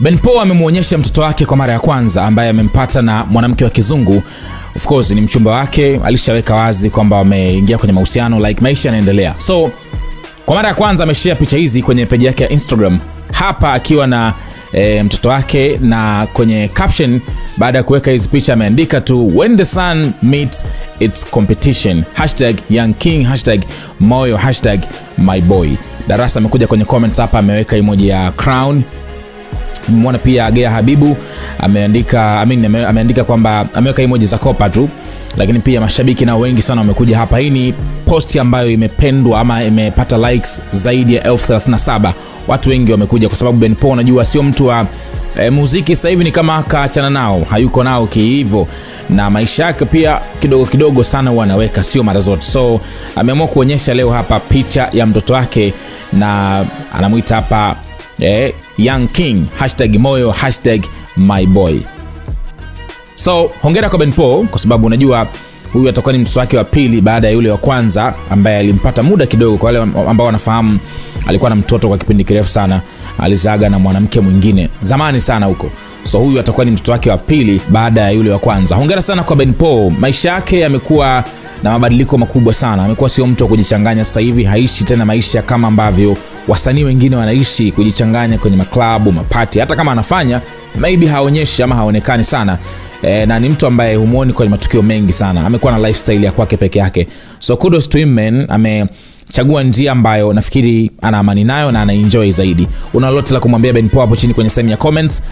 Ben Pol amemwonyesha mtoto wake kwa mara ya kwanza ambaye amempata na mwanamke wa kizungu. Of course ni mchumba wake, alishaweka wazi kwamba wameingia kwenye mahusiano, like maisha yanaendelea. So kwa mara ya kwanza ameshare picha hizi kwenye peji yake ya Instagram, hapa akiwa na e, mtoto wake, na kwenye caption baada ya kuweka hizi picha ameandika tu when the sun meets its competition hashtag young king hashtag moyo hashtag my boy. Darasa amekuja kwenye comments hapa, ameweka emoji ya crown Tumemwona pia Agea Habibu ameandika I mean, ameandika kwamba ameweka emoji za kopa tu, lakini pia mashabiki na wengi sana wamekuja hapa. Hii ni posti ambayo imependwa ama imepata likes zaidi ya elfu 37. Watu wengi wamekuja kwa sababu Ben Benpo unajua sio mtu wa E, muziki sasa hivi ni kama kaachana nao, hayuko nao kihivyo, na maisha yake pia kidogo kidogo sana huwa anaweka, sio mara zote. So ameamua kuonyesha leo hapa picha ya mtoto wake na anamwita hapa eh, Young King hashtag moyo hashtag my boy. So hongera kwa Ben kwa sababu unajua huyu atakuwa ni mtoto wake wa pili baada ya yule wa kwanza ambaye alimpata muda kidogo. Kwa wale ambao wanafahamu, alikuwa na mtoto kwa kipindi kirefu sana, alizaga na mwanamke mwingine zamani sana huko. So huyu atakuwa ni mtoto wake wa pili baada ya yule wa kwanza. Hongera sana kwa Ben maisha yake yamekuwa na mabadiliko makubwa sana. Amekuwa sio mtu wa kujichanganya, sasa hivi haishi tena maisha kama ambavyo wasanii wengine wanaishi kujichanganya kwenye maklabu, mapati, hata kama anafanya maybe haonyeshi ama haonekani sana e, na ni mtu ambaye humwoni kwenye matukio mengi sana. Amekuwa na lifestyle ya kwake peke yake, so kudos to him man, ame chagua njia ambayo nafikiri ana amani nayo na anaenjoy zaidi. Una lolote la kumwambia Ben hapo chini kwenye sehemu ya comments?